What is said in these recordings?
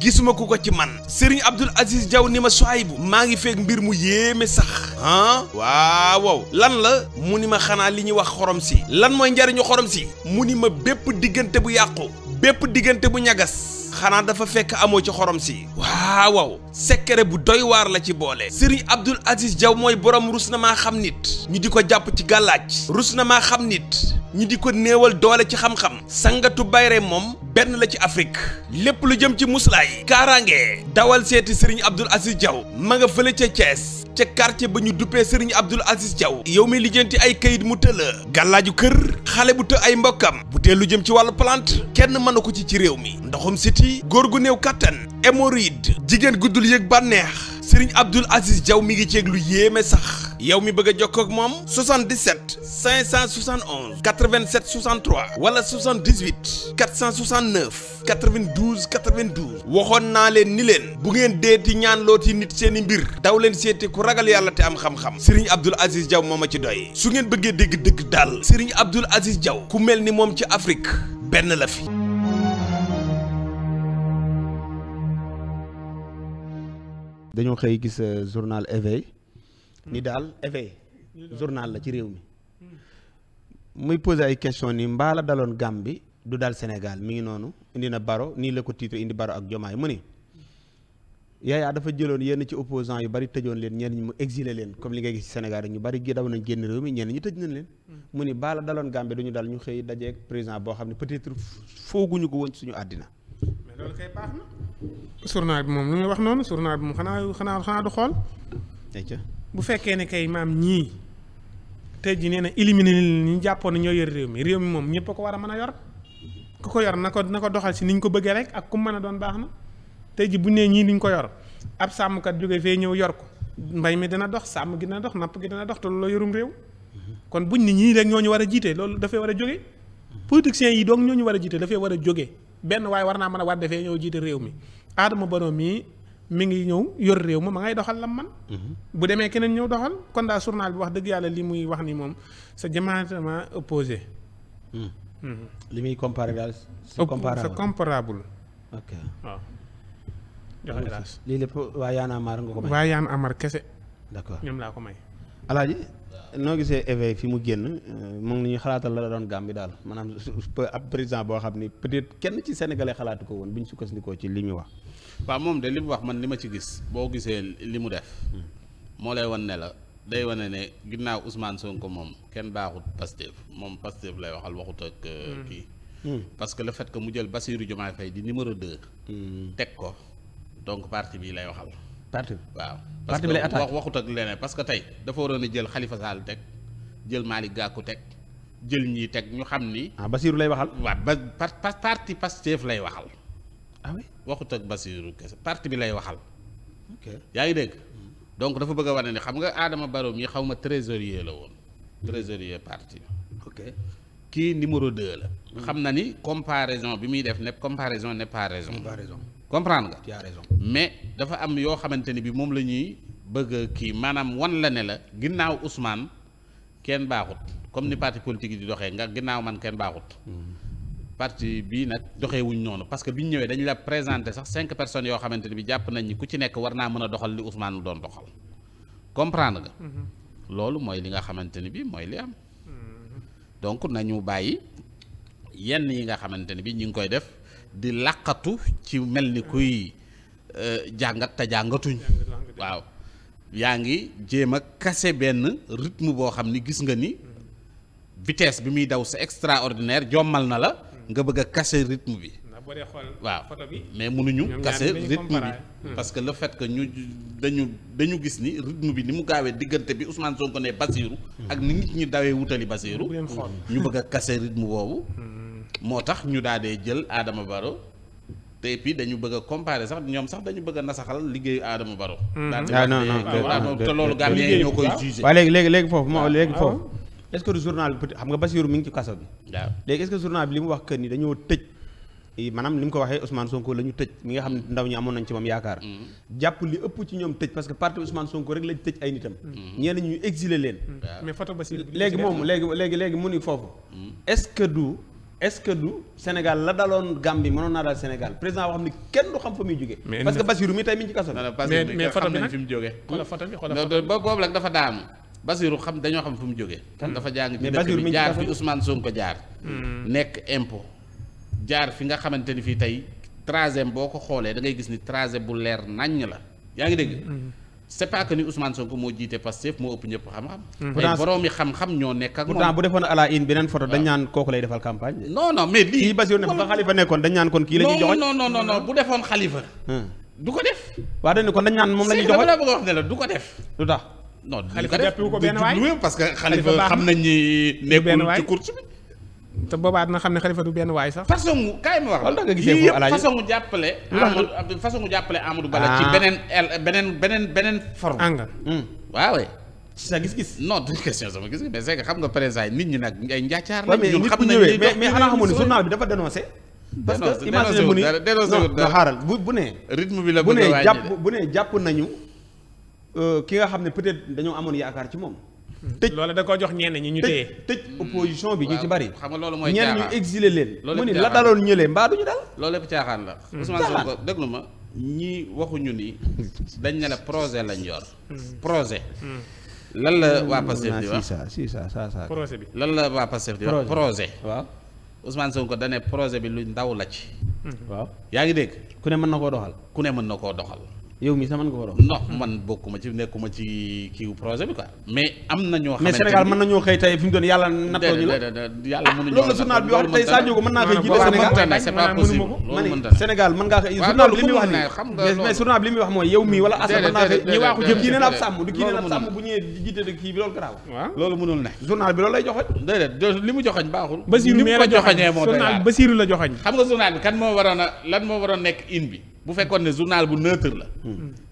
gisuma ku ko ci man Serigne Abdoul Aziz Diaw ni ma bu maa ngi feeg mbir mu yéeme sax ah waaw lan la mu ni ma xanaa li ñuy wax xorom si lan mooy njariñu xorom si mu ni ma bépp diggante bu yàqu bépp diggante bu ñagas xanaa dafa fekk amoo ci xorom si waaw secret bu doy waar la ci boole Serigne Abdoul Aziz jaw mooy borom rus na maa xam nit ñu di ko jàpp ci gàllaaj rus na maa xam nit ñi di ko néewal doole ci xam-xam sangatu bayre moom benn la ci Afrique lépp lu jëm ci muslaay kaaraange dawal seeti Serigne Abdoul Aziz Diaw ma nga fële ca cees ca quartier ba ñu duppee Serigne Abdoul Aziz Diaw yow mi lijjanti ay kayit mu tëla gàllaaju kër xale bu të ay mbokkam bu lu jëm ci wàllu plante kenn mënu ko ci ci réew mi ndoxum siti góor gu néew kattan hémorroïde jigéen guddul yëg bànneex Serigne Abdoul Aziz Diaw mi ngi ceeg lu yéeme sax yow mi bëgg a jokkoo ak moom 77 571 87 63 wala 78 469 92 92 waxoon naa leen ni leen bu ngeen deeti ñaan looti nit seeni mbir daw leen seeti ku ragal yàlla te am xam-xam Serigne Abdoul Aziz jaw moo a ci doy su ngeen bëggee dégg dëgg daal Serigne Abdoul Aziz jaw ku mel ni moom ci Afrique benn la fi. dañoo xëy gis euh, journal éveil ni daal éveil journal la ci réew mi muy poser ay question ni mbaa la daloon Gàmbi du dal Sénégal mi ngi noonu indi na Baro nii la ko titre indi Baro ak Jomaay mu ni yaayaa dafa jëloon yenn ci opposant yu bari tëjoon leen ñeen ñi mu exile leen comme li ngay gis ci Sénégal ñu bari gi daw nañ génn réew mi ñenn ñi tëj nañ leen mm. mu ni baa la daloon Gàmbi du ñu dal ñu xëy dajeeg président boo xam ne peut-être fooguñu ko woon ci suñu àddina mais loolu bi moom lu muy wax noonu journal bi moom xanaa xanaa xanaa du xool bu fekkee ne kay maam ñii tey ji nee na éliminer li ñu jàppoon ñoo yor réew mi réew mi moom ñëpp a ko war a mën a yor ku ko yor na ko dina ko doxal si ni ñu ko bëggee rek ak ku mën a doon baax na tey ji bu nee ñii ni ñu ko yor ab sàmmkat jóge fee ñëw yor ko mbay mi dana dox sàmm gi dana dox napp gi dana dox te loolu yorum réew kon buñ ni ñii rek ñoo ñu war a jiite loolu dafay war a jóge politiciens yi doog ñoo ñu war a jiite dafay war a jóge benn waaye war naa mën a war defee ñëw jiite réew mi aadama borom mi mi ngi ñëw yor réew ma ma ngay doxal lam man mhm. bu demee keneen ñëw doxal kon daa journal bi wax dëgg yàlla li muy wax ni moom sa jamaatama opposé hmm. mhm. li muy comparé daal c'est comparable c'est comparable ok lii lépp waa Yaan Amar nga ko may waa Yaan Amar kese ñoom laa ko may alaaji noo gisee éveil fi mu génn euh, moom ngi ñuy xalaatal la doon gàmm bi daal maanaam ab président boo xam ni peut-être kenn ci sénégalais xalaatu ko woon bi ñu sukkandikoo ci li muy wax. waa moom de li mu wax man li ma ci gis boo gisee li mu def. Hmm. moo lay wan ne la day wane ne ginnaaw Ousmane Sonko moom kenn baaxut Pastef moom Pastef lay waxal waxut ak. Euh, hmm. kii hmm. parce que le fait que mu jël Bassirou Diomaye Faye di numéro 2. teg ko donc parti bii lay waxal. parti bi waaw. parti bi lay attaqué parce que waxut ak leneen parce que tey dafa waroon a jël Khalifa Sall teg jël Malick Gakou teg jël ñii teg ñu xam ni. ah lay waxal. waaw ba par parti Pastef lay waxal. ah oui waxut ak Basirou kese parti bi lay waxal. yaa ngi dégg. donc dafa bëgg a wane ne xam nga Adama Barrow mi xaw ma trésorier la woon. trésorier parti. ok kii numéro 2 la. Hmm. xam na ni comparaison bi muy def ne comparaison n'est pas raison. comparaison. comprendre nga. mais dafa am yoo xamante ni bi moom la ñuy bëgg kii maanaam wan la ne la ginnaaw Ousmane kenn baaxut comme ni parti politique yi di doxee nga ginnaaw man kenn baaxut. parti bii nag doxee wuñ noonu parce que bi ñu ñëwee dañu la présenté sax cinq personnes yoo xamante ni bi jàpp nañ ni ku ci nekk war naa mën a doxal li Ousmane doon doxal comprendre nga. Mm-hmm. loolu mooy li nga xamante ni bi mooy li am. Mm-hmm. donc nañu bàyyi yenn yi nga xamante ni bi ñu ngi koy def. di làqatu ci mel ni kuy euh, jàngat te jàngatuñ waaw yaa ngi jéem a kase benn rythme boo xam ni gis nga ni vitesse bi muy daw c'est extraordinaire jommal na la nga bëgg a kase rythme bi waaw mais mënuñu kase rythme bi hmm. parce que le fait que ñu dañu dañu gis ni rythme bi ni mu gaawee diggante bi Ousmane Sonko ne Basirou hmm. ak ni nit ñi dawee wutali Basirou hmm. ñu bëgg a kase rythme boobu moo tax ñu daal dee jël Adama Baro te et dañu bëgg a comparer sax ñoom sax dañu bëgg a nasaxal liggéeyu Adama Baro. Hmm, hmm. ah non non te loolu Gambien yi ñoo koy jugé. waaw léegi léegi foofu moo ah, léegi ah. foofu. est-ce que journal bi xam nga wax dañoo tëj. ko waxee Ousmane Sonko la ñu tëj mi nga xam ne ndaw ñi amoon nañ ci moom yaakaar hmm. ci ñoom tëj parce que parti Ousmane Sonko rek lañ tëj ay nitam ñeneen ñu exilé leen léegi moom léegi léegi léegi mu ni foofu est-ce est-ce que du Sénégal la daloon Gambie mënoon naa daal Sénégal président boo xam ni kenn du xam fa muy jóge parce que Bassirou mi tey mi ngi ci kaso mais mais Fata bi nag fi jóge boobu nag dafa daamu Bassirou xam dañoo xam fu mu jóge dafa jaar fi Ousmane Sonko jaar hmm. nekk impôt jaar fi nga xamante ni fii tey troisième boo ko xoolee dangay gis ni troisième bu leer naññ la yaa ngi dégg hmm. c'est pas que ni Ousmane Sonko moo jiite Pastef moo ëpp ñëpp xam-xam. pourtant ay bu defoon ala une beneen photo dañ ñaan kon kii la ñuy joxoon non non bu defoon xalifa. du ko def. waa dañ ne kon dañ ñaan moom la ñuy du ko def. lu tax non du def xalifa jàppiwu ko xalifa xam nañ nekkul ci course bi. te boobaa na xam ne xalifa du benn waay sax. façon gu jàppale. Amadou façon gu jàppale Amadou Bala. Ah. ci beneen beneen beneen beneen forme. àngal ah, hmm. waaw ci sa gis-gis. non du question sama gis-gis mais c'est que xam nga président yi nit ñi nag ay njaacaar la. ñun xam nañ ñuy mais mais xanaa xamoon ne journal bi dafa dénoncé. parce que imagine mu ni non xaaral bu bu nee. rythme bi la bu nee jàpp bu nee jàpp nañu euh, ki nga xam ne peut-être dañoo amoon yaakaar ci moom tëj loolu da ko jox ñenn ñi ñu téye tëj opposition bi ñu ci bari. xam nga loolu mooy ñenn ñu exilé leen. mu ni la daloon ñëlee mbaa du ñu dal. loolu lépp caaxaan la. Hmm. Ousmane Sonko déglu ma ñii waxuñu ni dañ ne la projet lañ yor. Hmm. projet. Hmm. lan la waa Pastef di ah, wax si sa sa sa projet bi lan la waa Pastef di wax projet. waaw Ousmane Sonko da projet bi lu ndaw la ci. waaw yaa ngi dégg. ku ne mën na koo doxal. ku ne mën na koo doxal. yow mi sax mën nga ko doon. non man bokkuma ci nekkuma ci kiiwu projet bi quoi. mais am na ñoo. xamante mais Sénégal mën nañoo xëy tey fi mu doon yàlla nattoo ñu la. yàlla mënuñoo loolu la journal bi wax tey ko mën naa ngaa koy journal bi li muy wax nii mais journal li wax mooy yow mii wala asa mën naa koy ñi waaxu jëm kii nee mu joxoñ baaxul Basiru journal Basiru la joxoñ xam nga journal bi kan moo waroon a lan moo waroon nekk in bi bu fekkoon ne journal bu neutre la.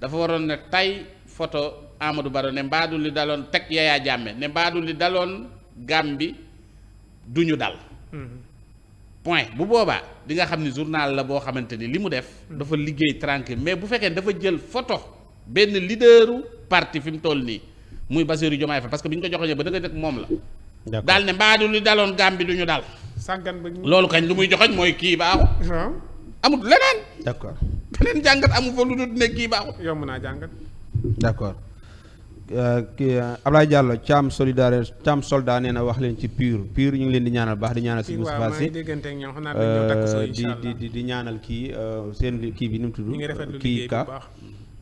dafa waroon ne tay photo Amadou Baro ne mbaadu li daloon teg Yaya jàmme ne mbaadu li daloon Gàmbi du ñu dal. point bu boobaa di nga xam ni journal la boo xamante ni li mu def. dafa liggéey tranquille mais bu fekkee dafa jël photo benn leaderu parti fi mu toll nii muy Bassirou Diomaye Faye parce que bi ñu ko joxoñee ba dëgg dëgg moom la. daal ne mbaadu li daloon Gàmbi bi ñu dal. sàngan loolu kañ lu muy joxoñ mooy kii baaxul. Ah. amut leneen. d'accord. beneen jàngat amu fa lu dul nekk kii baaxut. yomb naa jàngat. d' accord euh, kii euh, Ablaye Diallo Thiam solidaire Thiam soldat nee na wax leen ci pur pur ñu ngi leen di ñaanal baax di ñaanal. si Moustapha Sy euh, di di di ñaanal kii seen kii bi nu mu tudd. kii ka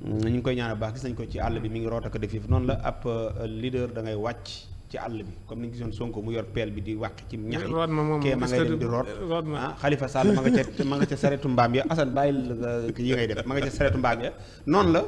mm, ñu ngi koy ñaanal baax gis nañ ko ci àll bi mi ngi root ak def noonu la ab leader da ngay wàcc. ci àll bi comme ni ñu gisoon Sonko mu yor peel bi di wàq ci ñax yi kee ma ngay dem di root ah Khalifa Sall ma nga ca ma nga ca saretu mbaam ya Assane bàyyil euh, yi ngay def ma nga ca saretu mbaam ya noonu la